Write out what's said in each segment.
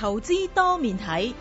投資多面睇。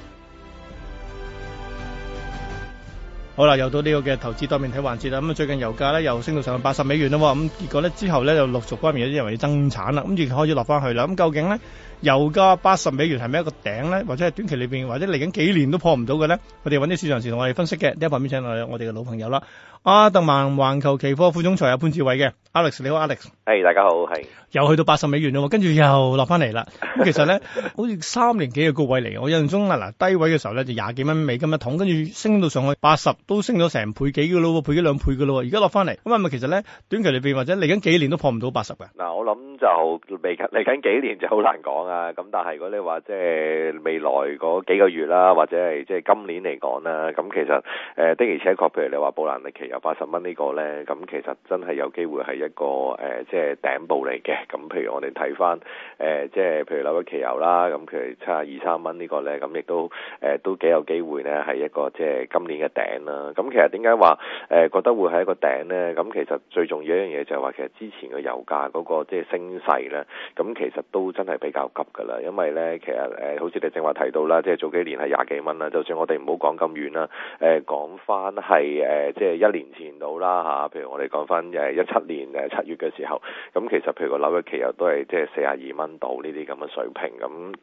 好啦，又到呢個嘅投資多面睇環節啦。咁啊，最近油價咧又升到上去八十美元啦。咁結果咧之後咧就陸續方面有啲人話要增產啦，咁而開始落翻去啦。咁究竟咧油價八十美元係咪一個頂咧？或者係短期裏邊，或者嚟緊幾年都破唔到嘅咧？我哋揾啲市場時同我哋分析嘅，呢一旁邊請嚟我哋嘅老朋友啦，亞達盟環球期貨副總裁阿潘志偉嘅 Alex，你好 Alex。係，大家好，係。又去到八十美元啦，喎，跟住又落翻嚟啦。其實咧，好似三年幾嘅高位嚟。我印象中嗱，低位嘅時候咧就廿幾蚊美，美金一桶，跟住升到上去八十。都升咗成倍幾嘅咯喎，倍咗兩倍噶咯喎，而家落翻嚟，咁係咪其實咧短期嚟變或者嚟緊幾年都破唔到八十嘅？嗱，我諗就未近嚟緊幾年就好難講啊。咁但係如果你話即係未來嗰幾個月啦，或者係即係今年嚟講啦，咁其實誒、呃、的而且確，譬如你話布蘭特期油八十蚊呢個咧，咁其實真係有機會係一個誒、呃、即係頂部嚟嘅。咁譬如我哋睇翻誒即係譬如紐約期油啦，咁佢七廿二三蚊呢個咧，咁亦都誒、呃、都幾有機會咧係一個即係今年嘅頂啦。咁、嗯、其實點解話誒覺得會係一個頂呢？咁、嗯、其實最重要一樣嘢就係話，其實之前嘅油價嗰、那個即係升勢呢，咁其實都真係比較急噶啦。因為呢，其實誒、呃、好似你正話提到啦，即係早幾年係廿幾蚊啦。就算我哋唔好講咁遠啦，誒講翻係誒即係一年前到啦嚇，譬如我哋講翻誒一七年誒七月嘅時候，咁、啊、其實譬如個紐約期油都係即係四十二蚊度呢啲咁嘅水平咁。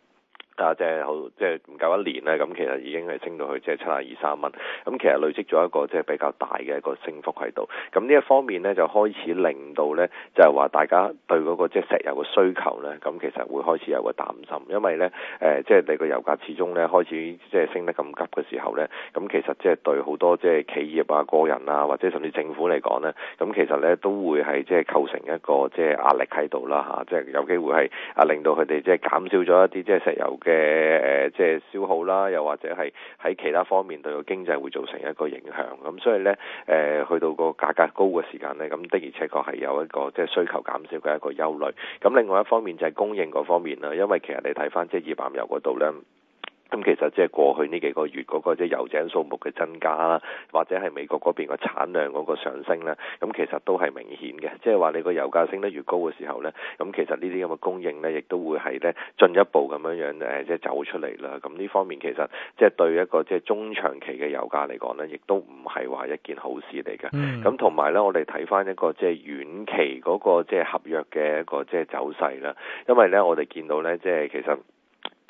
啊，但即係好，即係唔夠一年咧，咁其實已經係升到去即係七十二三蚊，咁其實累積咗一個即係比較大嘅一個升幅喺度。咁呢一方面咧，就開始令到咧，就係話大家對嗰個即係石油嘅需求咧，咁其實會開始有個擔心，因為咧誒、呃，即係你個油價始終咧開始即係升得咁急嘅時候咧，咁其實即係對好多即係企業啊、個人啊，或者甚至政府嚟講咧，咁其實咧都會係即係構成一個即係壓力喺度啦吓，即係有機會係啊令到佢哋即係減少咗一啲即係石油。嘅誒、呃，即係消耗啦，又或者係喺其他方面對個經濟會造成一個影響。咁所以呢，誒、呃，去到個價格高嘅時間呢，咁的而且確係有一個即係需求減少嘅一個憂慮。咁另外一方面就係供應嗰方面啦，因為其實你睇翻即係頁岩油嗰度呢。咁其實即係過去呢幾個月嗰個即係油井數目嘅增加啦，或者係美國嗰邊個產量嗰個上升咧，咁其實都係明顯嘅。即係話你個油價升得越高嘅時候咧，咁其實呢啲咁嘅供應咧，亦都會係咧進一步咁樣樣誒，即係走出嚟啦。咁呢方面其實即係對一個即係中長期嘅油價嚟講咧，亦都唔係話一件好事嚟嘅。咁同埋咧，我哋睇翻一個即係遠期嗰個即係合約嘅一個即係走勢啦。因為咧，我哋見到咧，即係其實。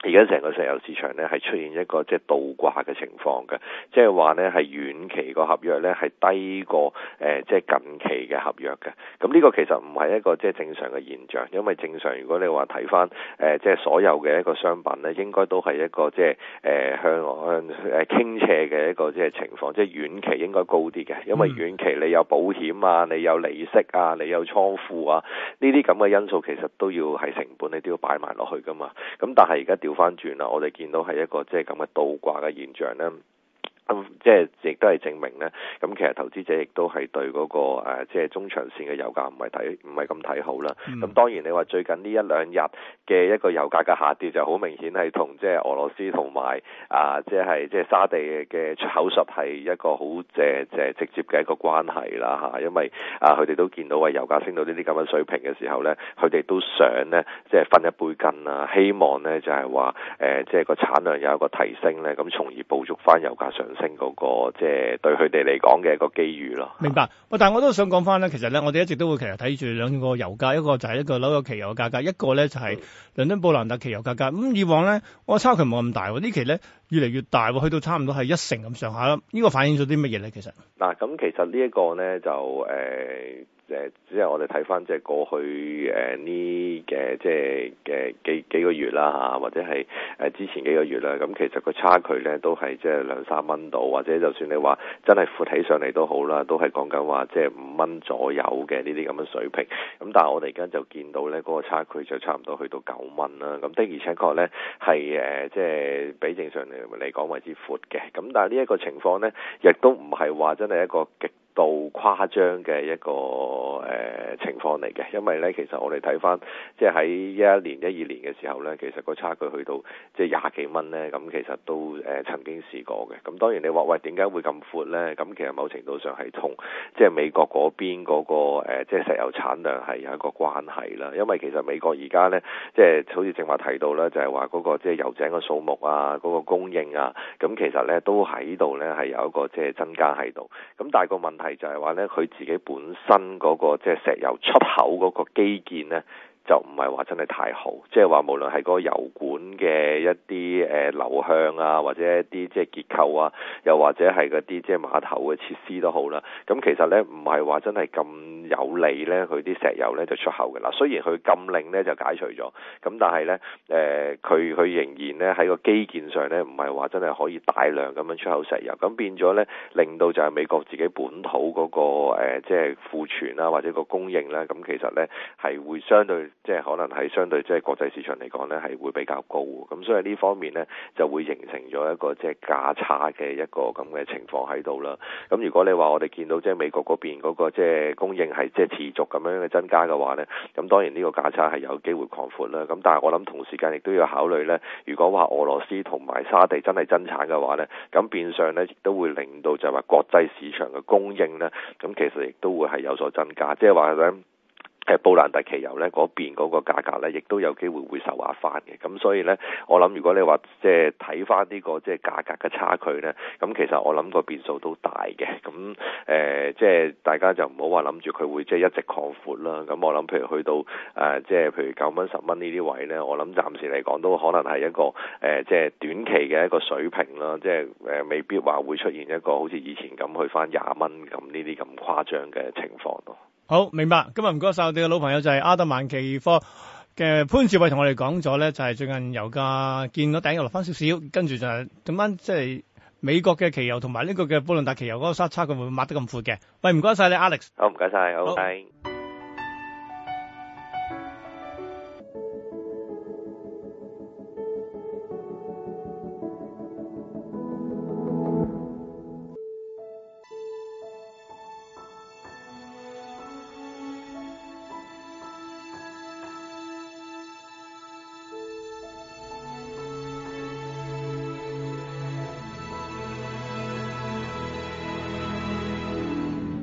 而家成個石油市場咧係出現一個即係倒掛嘅情況嘅，即係話咧係遠期個合約咧係低過誒、呃、即係近期嘅合約嘅。咁、這、呢個其實唔係一個即係正常嘅現象，因為正常如果你話睇返誒即係所有嘅一個商品咧，應該都係一個即係誒、呃、向向誒傾斜嘅一個即係情況，即係遠期應該高啲嘅，因為遠期你有保險啊，你有利息啊，你有倉庫啊，呢啲咁嘅因素其實都要係成本，你都要擺埋落去㗎嘛。咁但係而家。調翻轉啦！我哋見到係一個即係咁嘅倒掛嘅現象咧。即係亦都係證明呢。咁其實投資者亦都係對嗰、那個即係、呃、中長線嘅油價唔係睇唔係咁睇好啦。咁、嗯、當然你話最近呢一兩日嘅一個油價嘅下跌就好明顯係同即係俄羅斯同埋啊，即係即係沙地嘅出口述係一個好直接嘅一個關係啦嚇，因為啊佢哋都見到啊油價升到呢啲咁嘅水平嘅時候呢，佢哋都想呢即係分一杯羹啦、啊，希望呢就係話誒即係個產量有一個提升呢，咁從而捕捉翻油價上升。成嗰個即係、就是、對佢哋嚟講嘅一個機遇咯。明白，喂，但係我都想講翻咧，其實咧，我哋一直都會其實睇住兩個油價，一個就係一個紐約期油價格，一個咧就係倫敦布蘭特期油價格。咁、嗯、以往咧，我差距冇咁大喎，期呢期咧越嚟越大喎，去到差唔多係一成咁上下啦。呢、這個反映咗啲乜嘢咧？其實嗱，咁、啊嗯、其實呢一個咧就誒。欸誒、呃，即係我哋睇翻，即係過去誒呢嘅，即係嘅幾幾個月啦嚇、啊，或者係誒、呃、之前幾個月啦，咁、嗯、其實個差距咧都係即係兩三蚊度，或者就算你話真係闊起上嚟都好啦，都係講緊話即係五蚊左右嘅呢啲咁嘅水平。咁、嗯、但係我哋而家就見到咧，嗰、那個差距就差唔多去到九蚊啦。咁、嗯、的而且確咧係誒，即係、呃就是、比正常嚟講為之闊嘅。咁、嗯、但係呢一個情況咧，亦都唔係話真係一個極。到誇張嘅一個誒、呃、情況嚟嘅，因為咧其實我哋睇翻即係喺一一年、一二年嘅時候咧，其實個差距去到即係廿幾蚊咧，咁其實都誒、呃、曾經試過嘅。咁當然你話喂點解會咁闊咧？咁其實某程度上係同即係美國嗰邊嗰、嗰個、呃、即係石油產量係有一個關係啦。因為其實美國而家咧即係好似正話提到啦，就係話嗰個即係油井嘅數目啊、嗰、嗰個供應啊，咁其實咧都喺度咧係有一個即係增加喺度。咁但係個問題。係就係話咧，佢自己本身嗰個即係石油出口嗰個基建咧，就唔係話真係太好。即係話無論係嗰個油管嘅一啲誒流向啊，或者一啲即係結構啊，又或者係嗰啲即係碼頭嘅設施都好啦。咁其實咧，唔係話真係咁。有利咧，佢啲石油咧就出口嘅啦。雖然佢禁令咧就解除咗，咁但係咧，誒，佢佢仍然咧喺個基建上咧，唔係話真係可以大量咁樣出口石油。咁變咗咧，令到就係美國自己本土嗰個誒，即係庫存啊或者個供應啦，咁其實咧係會相對即係可能係相對即係國際市場嚟講咧係會比較高。咁所以呢方面咧就會形成咗一個即係價差嘅一個咁嘅情況喺度啦。咁如果你話我哋見到即係美國嗰邊嗰個即係供應，係即係持續咁樣嘅增加嘅話呢，咁當然呢個價差係有機會擴闊啦。咁但係我諗同時間亦都要考慮呢，如果話俄羅斯同埋沙地真係增產嘅話呢，咁變相呢亦都會令到就係話國際市場嘅供應呢，咁其實亦都會係有所增加，即係話呢。其實布蘭特期油咧嗰邊嗰個價格咧，亦都有機會會受壓翻嘅。咁所以咧，我諗如果你話即係睇翻呢個即係價格嘅差距咧，咁其實我諗個變數都大嘅。咁誒、呃，即係大家就唔好話諗住佢會即係一直擴闊啦。咁我諗譬如去到誒、呃、即係譬如九蚊十蚊呢啲位咧，我諗暫時嚟講都可能係一個誒、呃、即係短期嘅一個水平啦。即係誒未必話會出現一個好似以前咁去翻廿蚊咁呢啲咁誇張嘅情況咯。好明白，今日唔該晒我哋嘅老朋友就係亞達盟期貨嘅潘志偉同我哋講咗咧，就係、是、最近油價見到頂又落翻少少，跟住就咁樣即係美國嘅期油同埋呢個嘅布蘭特期油嗰個差差佢會抹得咁闊嘅？喂，唔該晒你，Alex 好謝謝。好，唔該晒，好 thank you。